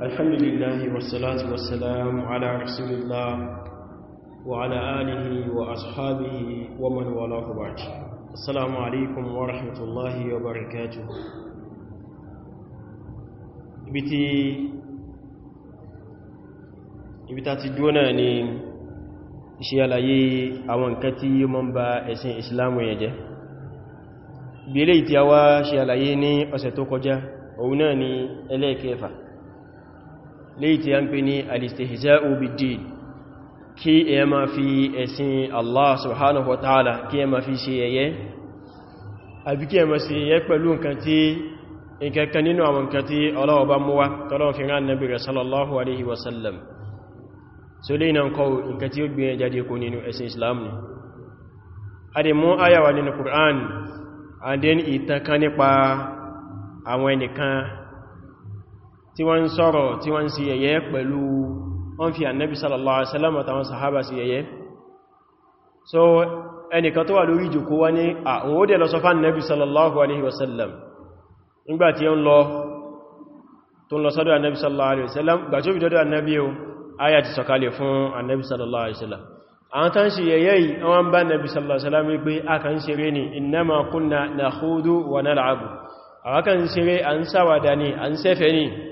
الحمد لله والصلاة والسلام على رسول الله وعلى آله وأصحابه ومن والاه بعد السلام عليكم ورحمة الله وبركاته ibiti ibita ti jona ni iṣẹ́ àlàyé àwọn nǹkan tí yíò mọ́ ń ba ẹ̀sìn islamu yẹn jẹ́ bí ilé ìtìyàwó ṣe àlàyé ní ọ̀sẹ̀ tó kọjá òun náà ni ẹlẹ́ẹ̀kẹfà léyìí tí a ń pè ní al-istihza'u bid-din kí èyàn ma fi ẹ̀sìn Allah subhanahu wa ta'ala kí èyàn ma fi ṣe yẹ̀yẹ́ àbí kí èyàn ma ṣe yẹ̀yẹ́ pẹ̀lú nǹkan tí nǹkan nínú àwọn nǹkan tí Ọlọ́hun bá mú wá tọ́lọ́wọ́ fi rán nabi sallallahu alaihi wasallam so léyìn náà kọ́ nǹkan tí wọ́n sọ̀rọ̀ tí wọ́n sì yẹ̀yẹ́ pẹ̀lú wọ́n fi annabi sallallahu alaihi wasallam àtàwọn sahaba sí yẹ̀yẹ́ so ẹnìkan tó wà lórí ìjòkó wá ní àwọn ó dẹ̀ lọ sọ fán annabi sallallahu alaihi wasallam nígbàtí yẹn lọ tó lọ sọ́dọ̀ annabi sallallahu alaihi wasallam gbà tó annabi o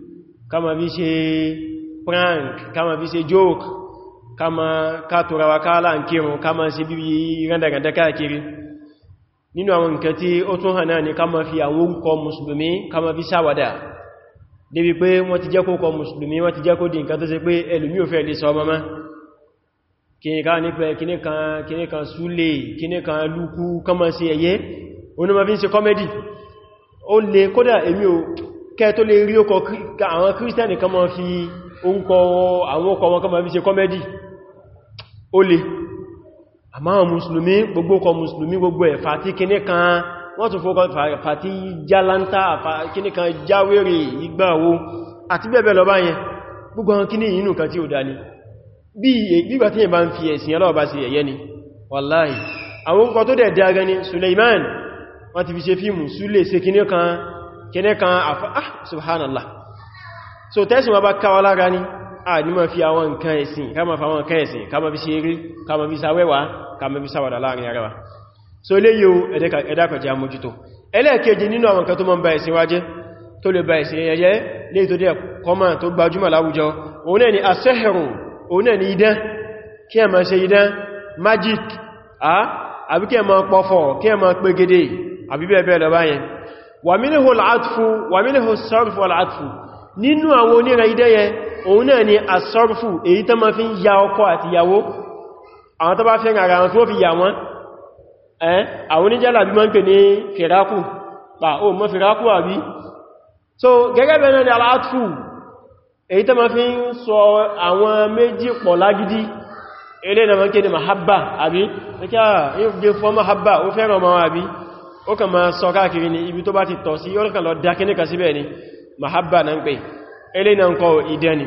kama bí ṣe prank kama bí ṣe joke kama kátòrà wa káàlá ń kírùn kama ṣe bí rẹ̀ndàrẹ̀dà káàkiri nínú àwọn nǹkan tí ó tún hàn náà ni kama fi àwọn orúkọ musulmi kama fi sáwàdà débi pé wọ́n ti jẹ́ kókọ musulmi wọ́n ti jẹ́ kó di nǹkan tó ṣe pé ẹlùmí ò fẹ́ lè sọ mọ́má kìnìkan kama ṣe ẹ̀yẹ onímọ̀ fi ń ṣe kẹ́ tó lè rí ọkọ̀ àwọn kírísítẹ́nì kan máa fi oúnkọ àwọn ọkọ̀ wọn kan máa fi ṣe kọ́mẹ́dì ó lè àmáwọn mùsùlùmí gbogbo ọkọ̀ mùsùlùmí gbogbo ẹ̀ fàtí kíní kan wọ́n tún fọ́kọ́ fàtí jálanta kíní kan jáwèrè ìgbàwo àti bẹ́ẹ̀bẹ́ẹ̀ lọ báyẹn gbogbo àwọn kíní inú kan tí ó dání bí ìgbà tí yẹn bá ń fi ẹ̀sìn ọlọ́ọ̀bá sí wọ́n ti fi ṣe fíìmù Sule ṣe kíní kan kíní kan àfá ah subhanallah so tẹ́sìn wọn bá káwà lára ní a ní ma fi àwọn nǹkan ẹ̀sìn ká ma fi àwọn nǹkan ẹ̀sìn ká ma fi ṣeré ká fi sáwẹ́wà ká fi sáwàdà láàrin ara so ilé yíò ẹ̀dàkọ̀jẹ́ amójútó ẹlẹ́ẹ̀kejì nínú àwọn nǹkan tó mọ́ ń ba ẹ̀sìn wa jẹ́ tó lè ba ẹ̀sìn ẹ̀yẹ lè tó dẹ̀ kọmọ̀ tó gbajúmọ̀ láwùjọ òun náà ni asẹ́hẹ̀rùn òun náà ni idán kí ẹ ma ṣe idán ومنه العطف ومنه الصرف والعطف nínú àwọn onira ideye òun náà ni asarfu èyí tó ma fi ń ya ọkọ àti ìyàwó àwọn tó bá fẹ́ ara wọn tó fi yà wọn ẹ́ àwọn oníjẹ́là bí mọ́ ń pè ní fìrákù àbí so gẹ́gẹ́ bẹ́ẹ̀ náà ni aláàtù èyí tó ma àbí ó kàn máa sọ káàkiri ní ibi tó bá ti tọ̀ sí yóò kàn lọ dákí ní kàsíbẹ̀ ni mahabba na ń pè ilé na ń kọ ìdẹ́ ni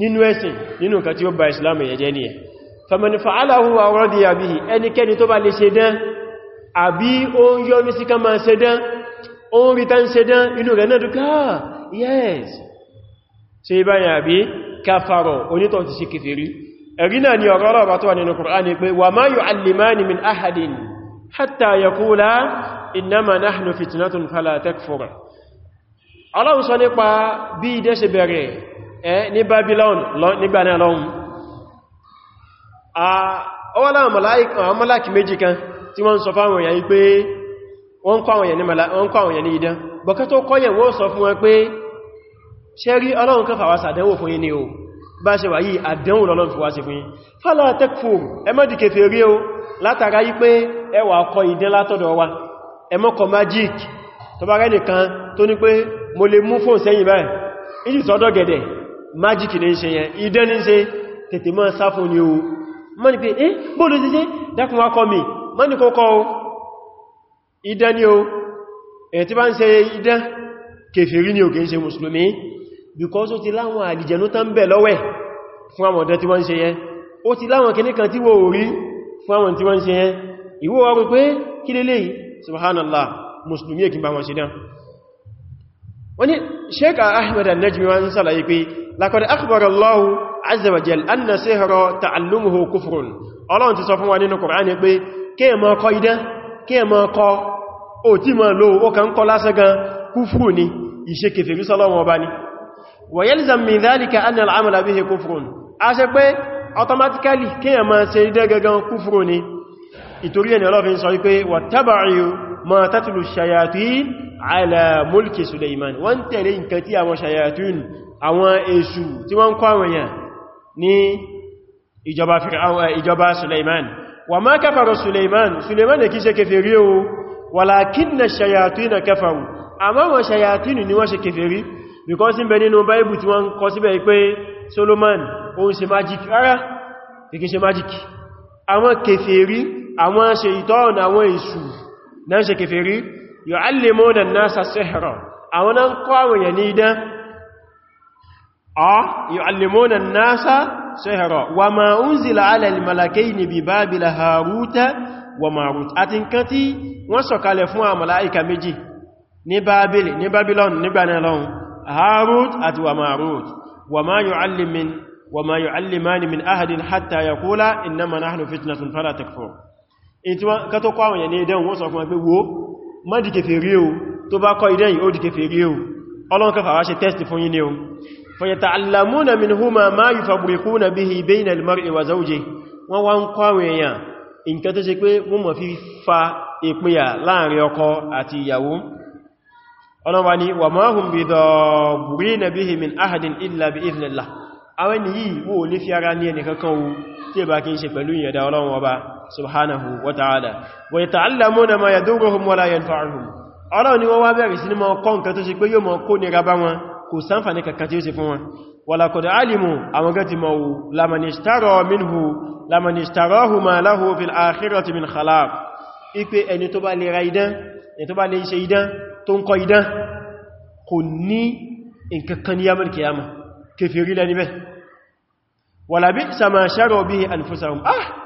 nínú ẹ̀sìn nínú nǹkan tí ó ba islam yẹ jẹ́ nìyẹn famani fa'alahu wa rọ́dí àbíhì ẹnikẹ́ni tó bá lè ṣe dán àbí ní sí ká máa ṣe dán ah, ni ọ̀rọ̀ ọ̀rọ̀ tó wà nínú Kùránì pé innama nahnu fitnatun fala takfur Ọlọ́run sọ nípa bí idẹ ṣe bẹ̀rẹ̀ ẹ ní Babylon nígbà náà lọ́hun ọwọ́lá àwọn mọ́láàkì méjì kan tí wọ́n sọ fáwọn èèyàn pé wọ́n kọ́ àwọn èèyàn ní idẹ bọ̀kẹ́ tó kọ́yẹ̀ wọ́n sọ fún wọn pé ṣe rí Ọlọ́run kan fàwásà àdánwò fún yín ni o bá ṣe wà yìí àdánwò lọ́lọ́run fi wá sí fún yín fala takfur ẹ má di kèfèrí o látara yí pé ẹwà kọ idẹ látọ̀dọ̀ wa ẹmọ́kọ̀ magic tó bá rẹ̀ nìkan tó ní pé mo lè mú fóòn sẹ́yìn báyìí ìjì sọ́dọ̀ gẹ̀dẹ̀ magic ní ṣe yẹn idẹ́ ní ṣe tètè mọ́ sáfún ni o mọ́ ni pé eh bóòlù sí ṣe dákùn wá kọ́ mi mọ́ ni kọ́kọ́ o idẹ́ ni o ẹ̀ tí bá ń ṣe idẹ́ kèfèrí ni o kìí ṣe mùsùlùmí because ó ti láwọn àlìjẹ̀nú tán bẹ̀ lọ́wẹ̀ fún àwọn ọ̀dọ́ tí wọ́n ṣe yẹn ó ti láwọn kìníkan tí wọ́n ò rí fún àwọn tí wọ́n ṣe yẹn ìwọ́ wọ́n pé kí lélẹ́yìí subhanallah musulmi ekin ba wọn ṣe dán wani sheik ahmed al-najmi wọn sàlàyé pé laqad akhbara allah azza wa jal anna sihra ta'allumuhu kufrun ọlọ́run ti sọ fún wa nínú qur'ani pé kí ma kọ idán kí ma kọ o tí ma lo ó kàn kọ lásán gan kúfùrù ni ìṣe kèfèrí sọ́lọ́wọ́ ọba ni ìtorí ẹni ọlọ́fin sọ wípé wàtàbàáyù ma tàtùlù shayatin ala mulki Suleiman wọ́n tẹ̀lé nǹkan tí àwọn shayatin àwọn èṣù tí wọ́n kọ́ àwọn èèyàn ní ìjọba eh, Suleiman wa ma kafara Suleiman Suleiman da kí ṣe kèfèrí o walakinna shayatin kafaru àmọ́ wọn shayatin ni wọ́n ṣe kèfèrí because in bẹ nínú Bible tí wọ́n kọ síbẹ̀ pé Solomon ó àwọn kèfèrí àwọn ṣe ìtọ́ọ̀nà àwọn èṣù náà ṣe kèfèrí yu'allimuna an-nasa sihra àwọn náà kọ́ àwọn èèyàn ní idán ọ yu'allimuna an-nasa sihra wa ma unzila 'ala al-malakayni bi Babila وما wa Marut àti nǹkan tí wọ́n sọ̀kalẹ̀ fún àwọn màláìkà méjì ní Babili ní kan tó kọ́ àwọn èèyàn ní ẹdẹ́hùn wọ́n sọ fún ẹgbẹ́ wo má di kèfèrí o tó bá kọ́ ìdẹ́yìn ó di kèfèrí o ọlọ́n kẹfà wá ṣe test fún yí ni o fayata'allamuna minhuma bihi bayna al-mar'i wa zawjihi wọ́n wá ń kọ́ àwọn èèyàn nǹkan tó ṣe pé wọ́n mọ̀ fi fa ìpínyà láàrin ọkọ àti ni wa ma hum bidarrina bihi min ahadin illa bi idhnillah àwọn ènìyàn wò lè kí ń ṣe pẹ̀lú ìyẹ̀dá ọlọ́run ọba subhanahu wa ta'ala wa yata'allamuna ma yadurruhum wa la yanfa'uhum ọlọ́run ni wọ́n wá bẹ̀rẹ̀ sí ní ma kọ́ nǹkan tó ṣe pé yóò ma kó ní rabá wọn kò sánfàní kankan tí ó ṣe fún wọn wa laqad alimu àwọn gẹ́ti ma wo lamanishtaro minhu lamanishtarahu ma lahu fil akhirati min khalaq ipe ẹni tó bá lè ra idán ẹni tó bá lè ṣe idán tó ń kọ idán kò ní nǹkankan ní yamal kiyama kèfèrí lẹ́ni bẹ́ wa labi'sa ma sharu bihi anfusahum ah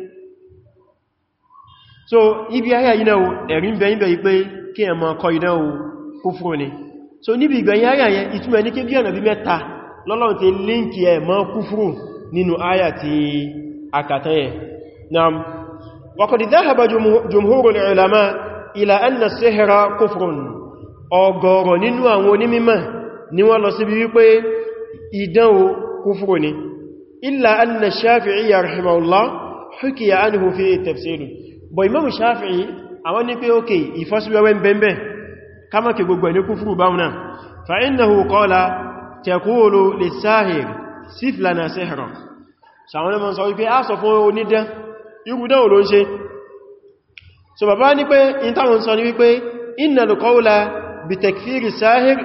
so ibi ayá yìí náà ẹ̀rin bẹ̀yìn bẹ̀yìn pé kí ẹmọ ọkọ̀ yìí náà kó fún ní so níbi ìgbẹ̀yìn ayá yẹn ìtumọ̀ ní kí bí ọ̀nà bí mẹ́ta lọ́lọ́run ti líǹkì ẹ̀ mọ́ kúfúrù nínú ayà ti akàtẹ́ yẹn nam waqad dhahaba jumhurul ulama ila anna sihra kufrun ọ̀gọ̀rọ̀ nínú àwọn onímímọ̀ ni wọ́n lọ síbi wípé ìdánwò kúfúrù ni bọ̀ Imam Shafi'i àwọn ní pé ókè ìfọ́síwẹ́wẹ́ bẹ̀m̀bẹ̀ kámọ́kì gbogbo ẹni kú fúrù báwọn náà fa innahu qala taqulu lis-sahir sif lana sihrak sàwọn ọmọ sọ wípé a sọ fún onídán irúdán ò ló ń ṣe so bàbá ní pé ìtàwọn sọ ní wípé innal qawla bi takfiri sahir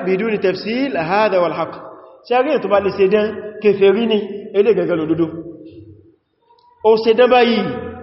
lè ṣe dán kèfèrí dán báyìí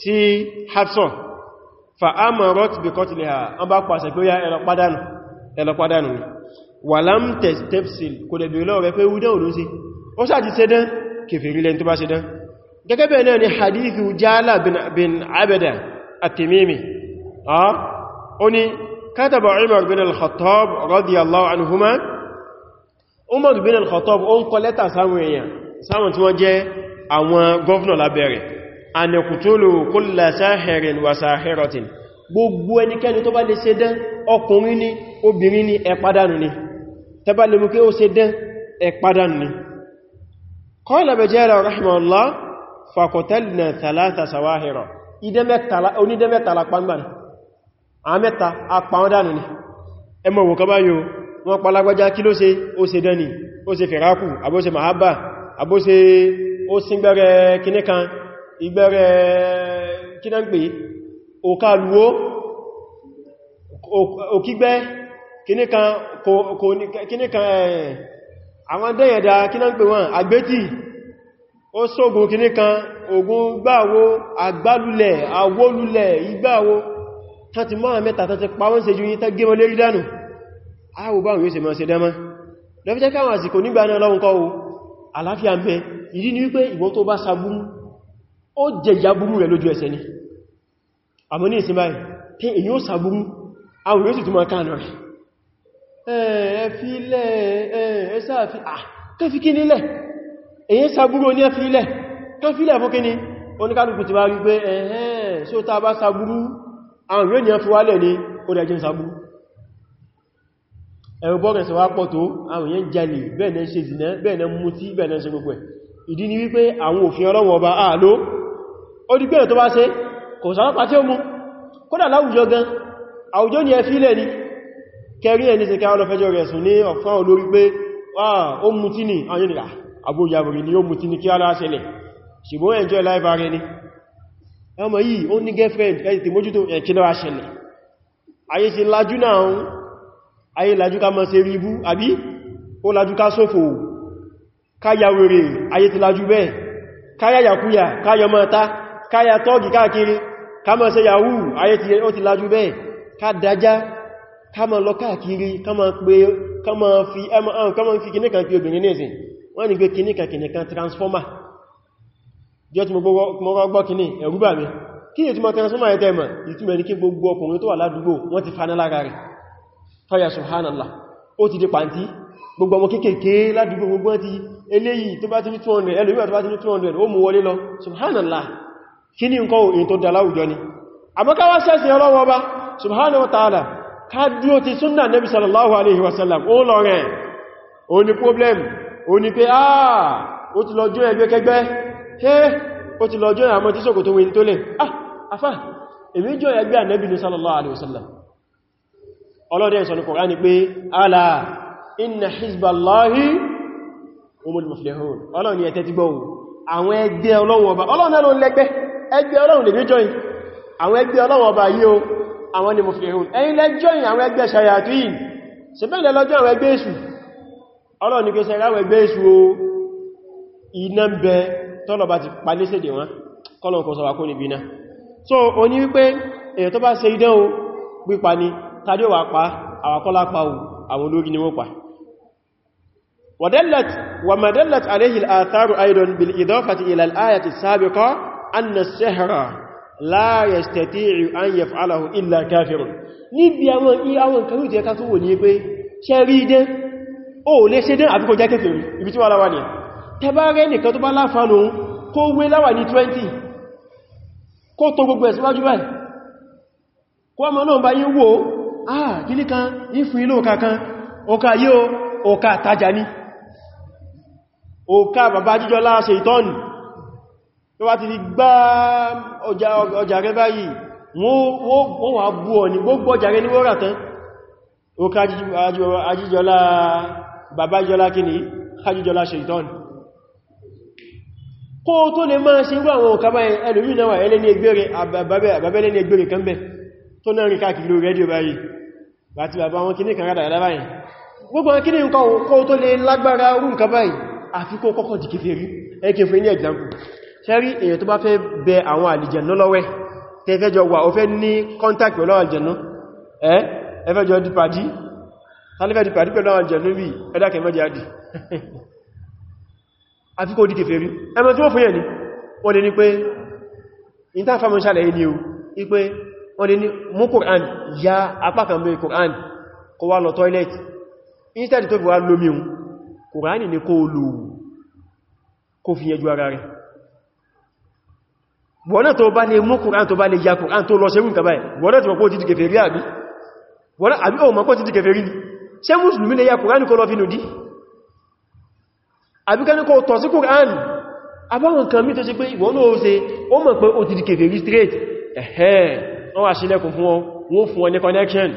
sí Hafsa fa amarat bi qatliha an bá pàṣẹ pé ya ẹ̀rọ pádánù ẹ̀rọ pádánù ni wà lám tẹ̀sítẹ́psìl kò dẹ̀ bèèrè lọ́wọ́ rẹ̀ pé wúdẹ́ òdó sí ó sáàtì sẹ́dán kèfèrí lẹ́n tó bá sẹ́dán gẹ́gẹ́ bẹ̀rẹ̀ náà ni hadithu jala bin abada at ó ní kataba Umar bin al-Khattab radiyallahu anhuma Umar bin al-Khattab ó ń kọ lẹ́tà sáwọn èèyàn sáwọn tí wọ́n jẹ́ àwọn gọ́vnà anìkùtúlù kúlà sáhẹ̀rin wà sáhẹ̀rọ̀tìn gbogbo ẹnikẹ́ni tó bá lè ṣe dán ọkùnrin ní obìnrin ní ẹ̀padànù ni tẹ́ bá lè mú kí ó ṣe dán ẹ̀padànù ni qala Bajala rahimahullah faqatalna thalatha sawahira onídẹ́mẹ́tàlá pàgbà àmẹ́ta apàwọ́dànù ni ẹmọ wò kọ báyò wọ́n palagbájá kí ló ṣe ìgbẹ̀rẹ̀ kínágbé òkàlùwó òkígbẹ́ kíníkan àwọn dẹ́yẹ̀dá kínágbé wọn àgbétì ó sógun kíníkan ogun gbáwó àgbálulẹ̀ àwólulẹ̀ igbáwó tán ti máa mẹ́ta tán ti pàwọn ṣe ju yí tán gé wọn lérí dánù àwòbá òun yóò se máa se dámá lọ́fíjẹ́ káwọn àsìkò nígbà náà lọ́wọ́n kọ́ o mẹ́ ìdí ni wípé ìwọ́n tó bá sabúrú ó jẹ ìyàbúrú rẹ̀ lójú ẹsẹ̀ ni àmọ́ ní ìsinmi báyìí pé èyí ó sàbúrú àwọn yóò sì tún máa káànà rẹ̀ ẹ̀ẹ́fílẹ̀ ẹ̀ẹ́sáàfí àkẹ́fí kí nílẹ̀ èyí sàbúrú oní ẹ̀fílẹ̀ kẹ́fílẹ̀ fún kíní oníkálùkù ti bá rí pé ẹ̀ẹ́ só tá bá sàbúrú àwọn yóò ní ẹ fi wálẹ̀ ní ó dẹ̀ jẹ́ sàbúrú ẹ̀rọ bọ́ọ̀rẹ̀ sọ wá pọ̀ tó àwọn èèyàn jalè bẹ́ẹ̀ náà ṣe zìnà bẹ́ẹ̀ náà mutí bẹ́ẹ̀ náà ṣe gbogbo ẹ̀ ìdí ni wípé àwọn òfin ọlọ́wọ̀ ọba ààlò ó di pẹ́rẹ̀ tó bá ṣe kò sàrọ́pàá tí ó mú kódà láwùjọ gan àwùjọ ni ẹ fílẹ̀ ni kẹrí ẹni ṣe káwọn lọ́fẹ́jọ́ rẹ̀ sùn ní ọ̀fán olórí pé ó mú tí ní àwọn ènìyàn ah, àbúyàbòrì ni ó mú tí ní kí aláṣẹlẹ̀ ṣùgbọ́n enjoy life ara ẹni ọmọ yìí ó ní girlfriend ẹni tí mójútó ẹ̀kí lọ́wà ṣẹlẹ̀ ayé ṣe lájú náà ayé lájú ká mọ́ ṣe rí ibú àbí ó lájú ká sófò káyà káyà tọ́gì káàkiri kama ṣe yahoo ayé ti ó ti lájú bẹ́ẹ̀ ká dájá kama lọ káàkiri kama pé kama fi mr kama fi kìníkan pé obìnrin nìsìn wọ́n ni pé kìníkan kìníkan transformer jẹ́ tí mo gbọ́ kìní ẹ̀rúbà mi kí ni ìtumọ̀ transformer yẹ tẹ́mà ìtumọ̀ ní kí gbogbo ọkùnrin tó wà ládùúgbò wọ́n ti faná lára rẹ̀ fáyà subhanallah ó ti di pàntí gbogbo ọmọ kéèkéé ládùúgbò gbogbo ti eléyìí tó bá ti ní 200 ẹlòmíwà tó bá ti ní 200 ó mú wọlé lọ subhanallah kí ní nǹkan òyìn tó dára àwùjọ ni àmọ́káwà sẹ́sìn ọlọ́wọ́ ọba subhanahu wa ta'ala ká dúró ti súnnà nabi sallallahu alaihi wasallam ó lọ rẹ̀ ó ní problem ó ní pé ah ó ti lọ jọ́yẹ̀ gbé kẹgbẹ́ he ó ti lọ jọ́yẹ̀ àmọ́ tí sókò tó wí tó lè ah afá èmi jọ́yẹ̀ gbé ànẹ́bì ní sallallahu alaihi wasallam ọlọ́dẹ̀ sọ ní Qur'an ni pé ala inna hizballahi àwọn ẹgbẹ́ ọlọ́wọ́ ọba ọlọ́nà ló lẹ́gbẹ́ ẹgbẹ́ ọlọ́run lè bí jọyìn àwọn ẹgbẹ́ ọlọ́run ọba yíò àwọn ni muflihun ẹ̀yin lẹ jọyìn àwọn ẹgbẹ́ shayatin ṣe bẹ́ẹ̀ lọ́jọ́ àwọn ẹgbẹ́ èṣù ọlọ́run ni pé ṣe ráwọn ẹgbẹ́ èṣù o iná ń bẹ tọ́lọ̀bá ti paléṣèdè wọn so o ní wípé èyàn tó bá ṣe idán o pípa ni tàbí wà pa àwàkọ́lá pa o àwọn olórí ni wọ́n pa wa anna sihra la yastati'u an yaf'alahu illa kafirun níbi àwọn ìyàwọn kanú jẹ́ ká tó wò ní pé ṣe rí dẹ́ o lè ṣe dẹ́ àbíkọ jẹ́ kẹfẹ̀ẹ́ ibi tí wà láwà ní tẹbárẹ́ nìkan tó bá láfánú kó wé láwà ní 20 kó tó gbogbo ẹ̀síwájú báyìí tó bá ti fi gbá ọjà rẹ báyìí wọ́n wà bú ọ ní gbogbo ọjà rẹ ní wọ́n rà tán ó ká ajíjọlá babájọlá kí ni ajíjọlá ṣètọ́n kó tó lè máa ṣe irú àwọn òkàbá ẹlòmí náà wà ẹlẹ́ni ẹgbẹ̀rẹ̀ àbábẹ́lẹ́ ní ẹgbẹ̀rẹ̀ kan bẹ̀ tó náà rí káàkiri lórí rédíò báyìí àti bàbá wọn kìní kan rádà yàdá báyìí gbogbo ṣẹ́rí èyàn tó bá fẹ́ bẹ àwọn àlìjẹ̀nú lọ́wẹ́ tẹ́fẹ́jọ wà ó fẹ́ ní kọ́ntàkì ọlọ́wọ́ àlìjẹ̀nú ẹ́ ẹfẹ́jọ dìpàdí tàbífẹ́ dìpàdí pẹ̀lú àwọn àlìjẹ̀nú rí ẹ̀dàkẹ̀ mẹ́jáde àfikò dìkẹ̀ fẹ́rí ẹmọ tí wọ́n ni wọ́n lè ní pé ya apákan bí Kùrán kó wá lọ toilet instead tó fi wá lómi un Kùrán ní ara rẹ̀ wọ́n tó bá lè mú kùrán tó bá lè ya kùrán tó lọ ṣerú nǹkan báyìí wọ́n tó mọ̀kó títí kèfèrí àbí wọ́n àbí o mọ̀kó títí kèfèrí ní ṣe mùsùlùmí lè ya kùrán kó lọ fi nùdí àbí kan kó tọ̀ straight ẹ̀hẹ́n wọ́n wá sílẹ̀kùn fún ní connection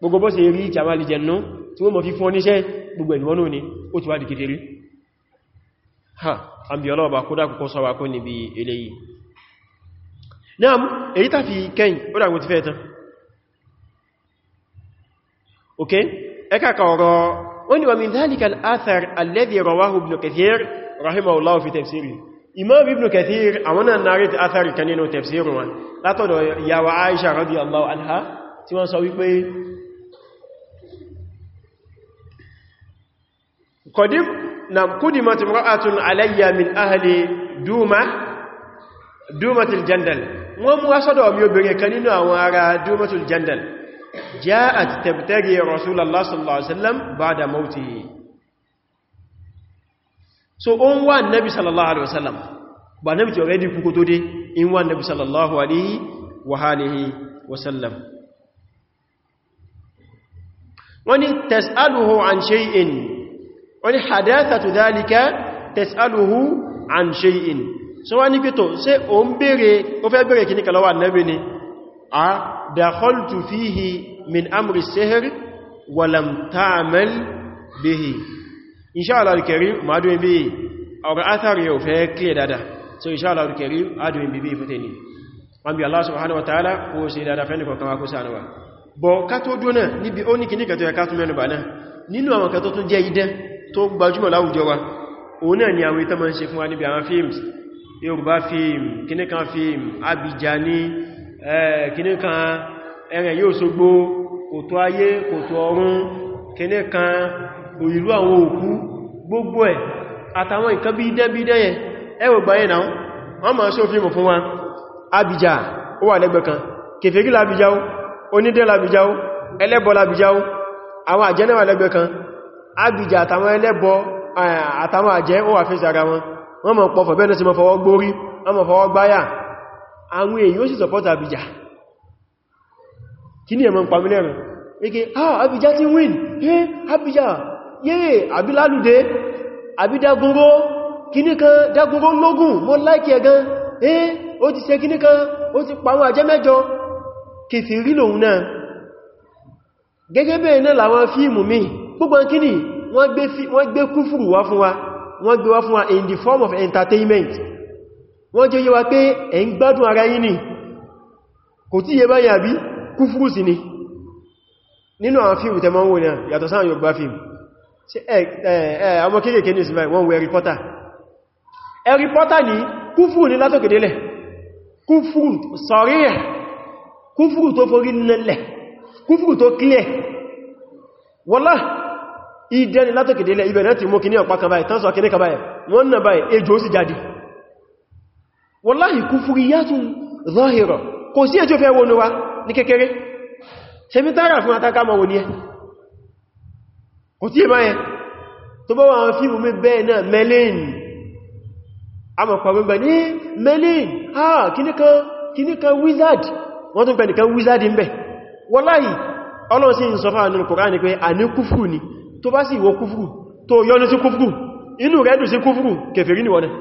gbogbo bó ṣe rí ìjàmà lè jẹ̀nú tí wọ́n mọ̀ ni ó ti ha àbí ọlọ́ọ̀bà kódà kòkó sọ wa kó náà èyí tàfi kẹ́yìn ó dàgbò ti fẹ́ tán ok ẹkàkà ọ̀rọ̀ wọ́n ni wa min dhalika al-athar alladhi rawahu ibn kathir rahimahullahu fi tafsiri imam ibn kathir àwọn náà narrate athar kan nínú tafsir wọn látọ̀dọ̀ yawa aisha radiyallahu anha tí wọ́n sọ wípé qadimat imra'atun alayya min ahli duma dúmọ̀tìl jandal wọ́n mú asọ́dọ̀ mi obìnrin kan nínú àwọn ará dúmọ̀tìl jandal ja'at tabtaghi rasulallah sallallahu alaihi wasallam ba'da mawtihi so on wá nabi sallallahu alaihi wasallam ba nabi tí already kú kó tó dé in wá nabi sallallahu alaihi wa alihi wasallam wani tas'aluhu an shay'in wani hadathatu dhalika tas'aluhu an shay'in so wá ní pẹ́tọ̀ ṣe o ń bèèrè o fẹ́ bèèrè kì ní kàlọ́wà nẹ́bì ni a dakhaltu fihi min amri sihr walam ta'mal bihi inṣáàlá al-karim ma'adùn bí ọ̀rọ̀ athari yau fẹ́ kílẹ̀ dada so inṣáàlá al-karim adùn bí bí fúte ni wọ́n bí Allah subhanahu wa ta'ala kó ṣe dada fẹ́ nìkan kawa kó sànúwà bọ̀ ká tó dúnà níbi ó ní kì ní kàtọ̀ ya ká tún mẹ́nu bà náà nínú àwọn kàtọ̀ tún jẹ́ idẹ́ tó gbajúmọ̀ láwùjọ wa òun náà ni àwọn ìtàmà ń ṣe fún wa níbi àwọn fíìmù yorùbá fíìm kìníkan fíìm abìjàní eh, kìníkan ẹ̀rẹ̀ yóò sógbó kòtò ayé kòtò ọ̀run kìníkan òyìlú àwọn òkú gbogbo ẹ̀ àtàwọn nǹkan bí dẹ́bídẹ́ yẹ ẹwọ̀gbà yẹ náà wọ́n máa ṣó fíìmù fún wa abìjà ó wà lẹ́gbẹ̀ kan kèfèrí làbìjà ó onídẹ́ làbìjà ó ẹlẹ́bọ làbìjà ó àwọn àjẹ́ náà wà lẹ́gbẹ̀ kan abìjà àtàwọn ẹlẹ́bọ eh, àtàwọn àjẹ́ ó wà fẹ́ sí ara wọn wọ́n mọ̀ pọ̀fọ̀ bẹ́ẹ̀ sí mọ́ fọwọ́ gbórí wọ́n mọ̀ fọwọ́ gbáyà àwọn èyí ó sì support Abidjan kí ní ẹ̀mọ́ pàmílẹ̀rìn wíké ah ti win yé Abidjan yé abilálude abidagunro kíníkan dagunro lógún mọ́ láìkí ẹgan yé ó ti ṣe kíníkan ó ti pàwọn àjẹ́ mẹ́jọ kèfèrí lòun náà gẹ́gẹ́ bẹ́ẹ̀ náà làwọn fíìmù mi gbogbo kíní wọ́n gbé kúfùrù wọ́n gbé wá fún wa in the form of entertainment wọ́n jẹ́ yíwa pé ẹ̀ ń gbádùn ara yín ni kò tí yẹ báyìí àbí kúfúrú sí ni nínú àwọn fíìmù tẹ́mọ́ wò náà yàtọ̀ sáà yóò gbá fíìmù ọmọ clear wọ́lá ìdẹni látọ̀kìdélẹ̀ ibẹ̀ náà ti mú kìní ọ̀pá kan báyìí tán sọ kìní kan báyìí wọ́n náà báyìí ejò sì jáde wallahi kufriyatun zahira kò sí ejò fẹ́ wọnú wa ní kékeré ṣe mi tára fún atáká ma wọní ẹ kò melin a mọ̀ ní melin ha kìní kan wizard wọ́n tún pẹ̀ wizard ń bẹ̀ wallahi ọlọ́sí ń sọ fáwọn nínú kòrán kúfù ni tó bá sì wọ kúfùrù tó yọ́nú sí kúfùrù inú rẹ̀ dùn sí kúfùrù kèfèrí ni wọ́n náà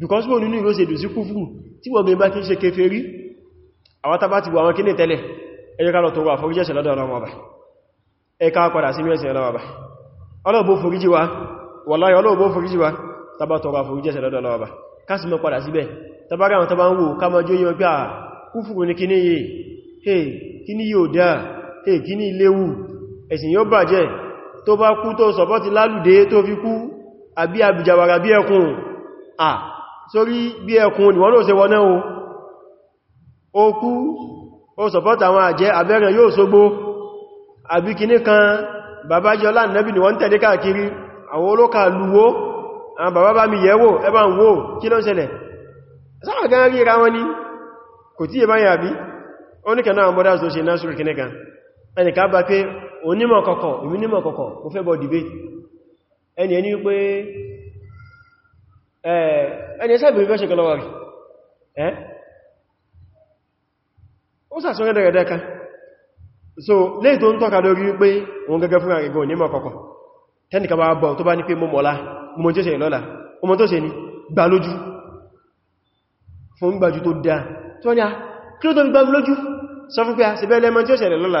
because wọ́n nínú ìró se dùn sí kúfùrù tí wọ́n mẹ́bá kí ń ṣe kèfèrí àwọn tàbá ti wọ́n kí ní tẹ́lẹ̀ ẹjọ́ kálọ̀ tó wà foríjẹ́sẹ̀ lọ́dọ̀ ọlọ́wọ́ bá ẹka padà sí mẹ́sẹ̀ ọlọ́wọ́ bá ọlọ́bọ̀ foríjì wa wàláyé ọlọ́bọ̀ foríjì wa tàbá tọrọ àforíjẹ́sẹ̀ lọ́dọ̀ ọlọ́wọ́ bá kásì mọ́ padà síbẹ̀ tàbára àwọn tàbá ń wò ẹ̀sìn yóò bàjẹ́ tó bá kú tó sọ̀pọ̀ ti lálùdé tó fi kú àbí àbìjàwàrà bí ẹkùn à sórí bí ẹkùn ni wọ́n ló ṣe wọ́n náà o kú ó sọ̀pọ̀ tàwọn àjẹ́ abẹ́rẹ̀ yóò sógbó àbí kìní kan bàbá jẹ́ ọlá nẹ́bì ni wọ́n tẹ̀lé káàkiri àwọn olóka lúwó àwọn bàbá bá mi yẹ̀wò ẹbá ń wò kí ló ń ṣẹlẹ̀ sáà gan ríra wọn onímọ̀ kọ̀kọ̀ èmi nímọ̀ kọ̀kọ̀ mo fẹ́ bọ̀ debate ẹni ẹni wípé ẹni ẹsẹ́ ìbìrì fẹ́ṣẹ̀ kọlọ́wà rí ẹ́ ó sàṣọ́ rẹ̀dẹ̀rẹ̀dẹ̀ kan so lè tó ń tọ́ka lórí wípé òun gẹ́gẹ́ fún àrẹ̀gùn onímọ̀ kọ̀kọ̀ tẹ́nìkan bá bọ̀ tó bá ní pé mo mọ̀lá mo tó ṣe lọ́la ọmọ tó ṣe ní gbà lójú fún gbàjú tó dáa tó ní a ah, kí ló tó gbà lójú sọ fún pé a ah, sì bẹ́ẹ̀ lẹ́mọ tí ó ṣẹlẹ̀ lọ́la